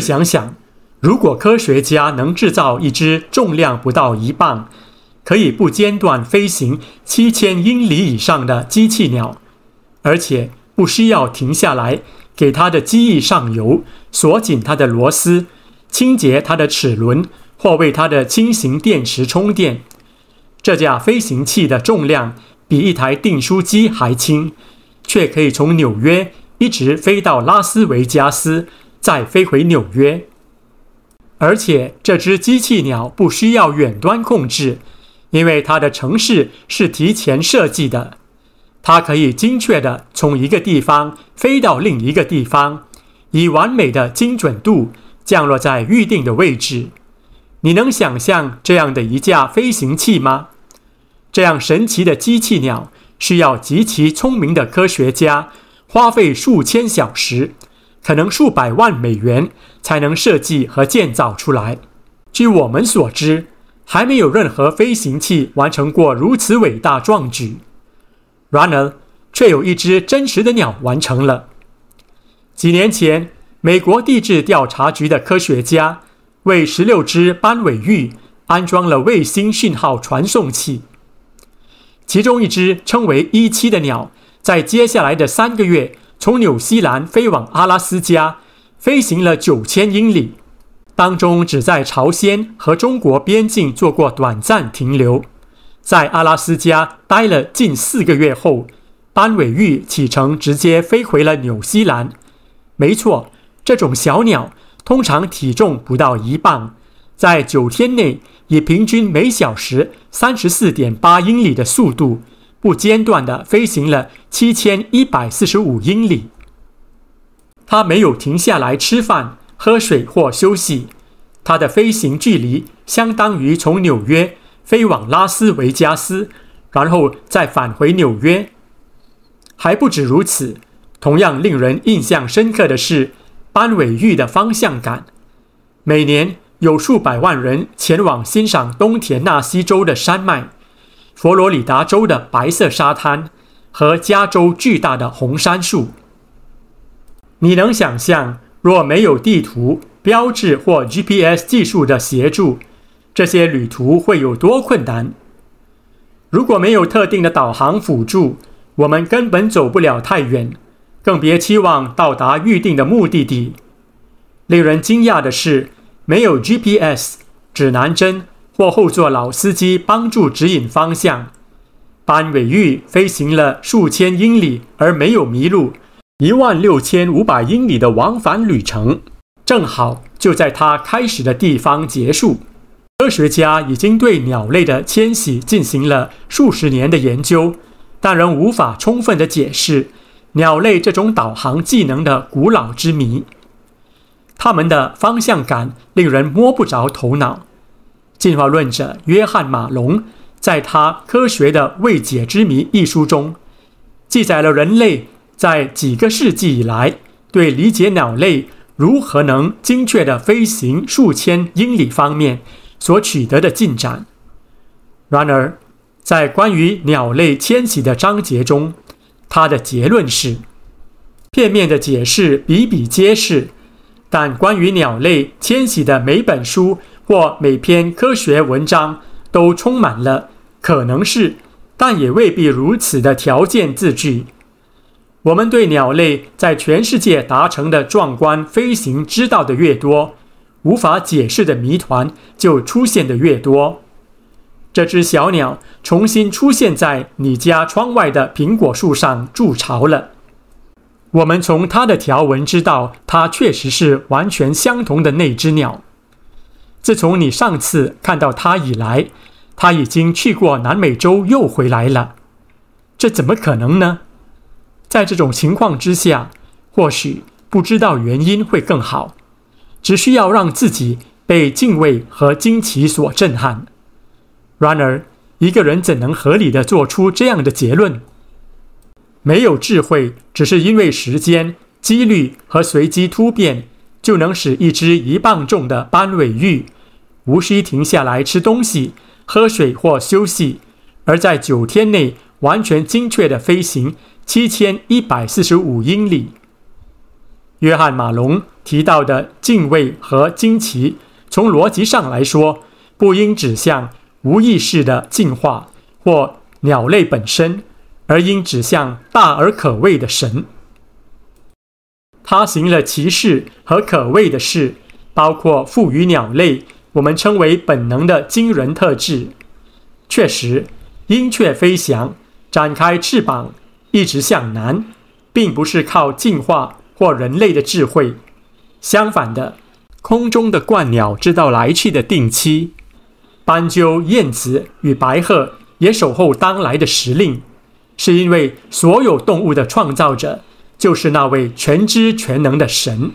試想想，如果科學家能制造一只重量不到一磅、可以不間斷飛行七千英里以上的機器鳥，而且不需要停下來給它的機翼上油、鎖緊它的螺絲、清潔它的齒輪或為它的輕型電池充電，這架飛行器的重量比一台訂書機還輕，卻可以從紐約一直飛到拉斯維加斯。再飛回紐約，而且這隻機器鳥不需要遠端控制，因為它的程式是提前設計的，它可以精確地從一個地方飛到另一個地方，以完美的精準度降落在預定的位置。你能想象這樣的一架飛行器嗎？這樣神奇的機器鳥需要極其聰明的科學家花費數千小時。可能數百萬美元才能設計和建造出來。據我們所知，還沒有任何飛行器完成過如此偉大壯舉。然而，卻有一隻真實的鳥完成了。幾年前，美國地質調查局的科學家為十六只斑尾鷸安裝了衛星信號傳送器。其中一只稱為 “E7” 的鳥，在接下來的三個月。從紐西蘭飛往阿拉斯加，飛行了九千英里，當中只在朝鮮和中國邊境做過短暫停留。在阿拉斯加待了近四個月後，斑尾鷸啟程直接飛回了紐西蘭。沒錯，這種小鳥通常體重不到一磅，在九天內以平均每小時三十四點八英里的速度。不間斷地飛行了七千一百四十五英里，他沒有停下來吃飯、喝水或休息。他的飛行距離相當於從紐約飛往拉斯維加斯，然後再返回紐約。還不止如此，同樣令人印象深刻的是斑尾鷸的方向感。每年有數百萬人前往欣賞東田納西州的山脈。佛羅里達州的白色沙灘和加州巨大的紅杉樹。你能想象，若沒有地圖、標志或 GPS 技術的協助，這些旅途會有多困難？如果沒有特定的導航輔助，我們根本走不了太遠，更別期望到達預定的目的地。令人驚訝的是，沒有 GPS，指南針。幕後座老司機幫助指引方向，斑尾鷸飛行了數千英里而沒有迷路。一萬六千五百英里的往返旅程，正好就在它開始的地方結束。科學家已經對鳥類的遷徙進行了數十年的研究，但仍無法充分的解釋鳥類這種導航技能的古老之謎。它們的方向感令人摸不着頭腦。進化論者約翰·馬龍在他《科學的未解之謎》一書中，記載了人類在幾個世紀以來對理解鳥類如何能精確地飛行數千英里方面所取得的進展。然而，在關於鳥類遷徙的章節中，他的結論是：片面的解釋比比皆是，但關於鳥類遷徙的每本書，或每篇科學文章都充滿了可能是，但也未必如此的條件字句。我們對鳥類在全世界達成的壯觀飛行知道的越多，無法解釋的謎團就出現的越多。這隻小鳥重新出現在你家窗外的蘋果樹上築巢了。我們從它的條紋知道，它確實是完全相同的那隻鳥。自從你上次看到他以來，他已經去過南美洲又回來了，這怎麼可能呢？在這種情況之下，或許不知道原因會更好，只需要讓自己被敬畏和驚奇所震撼。然而，一個人怎能合理地做出這樣的結論？沒有智慧，只是因為時間、幾率和隨機突變。就能使一隻一磅重的斑尾鷸，無需停下來吃東西、喝水或休息，而在九天內完全精確地飛行七千一百四十五英里。約翰·馬龍提到的敬畏和驚奇，從邏輯上來說，不應指向無意識的進化或鳥類本身，而應指向大而可畏的神。他行了奇事和可畏的事，包括賦予鳥類我們稱為本能的驚人特質。確實，鷹雀飛翔、展開翅膀、一直向南，並不是靠進化或人類的智慧。相反的，空中的鸛鳥知道來去的定期，斑鳩、燕子與白鶴也守候當來的時令，是因為所有動物的創造者，就是那位全知全能的神。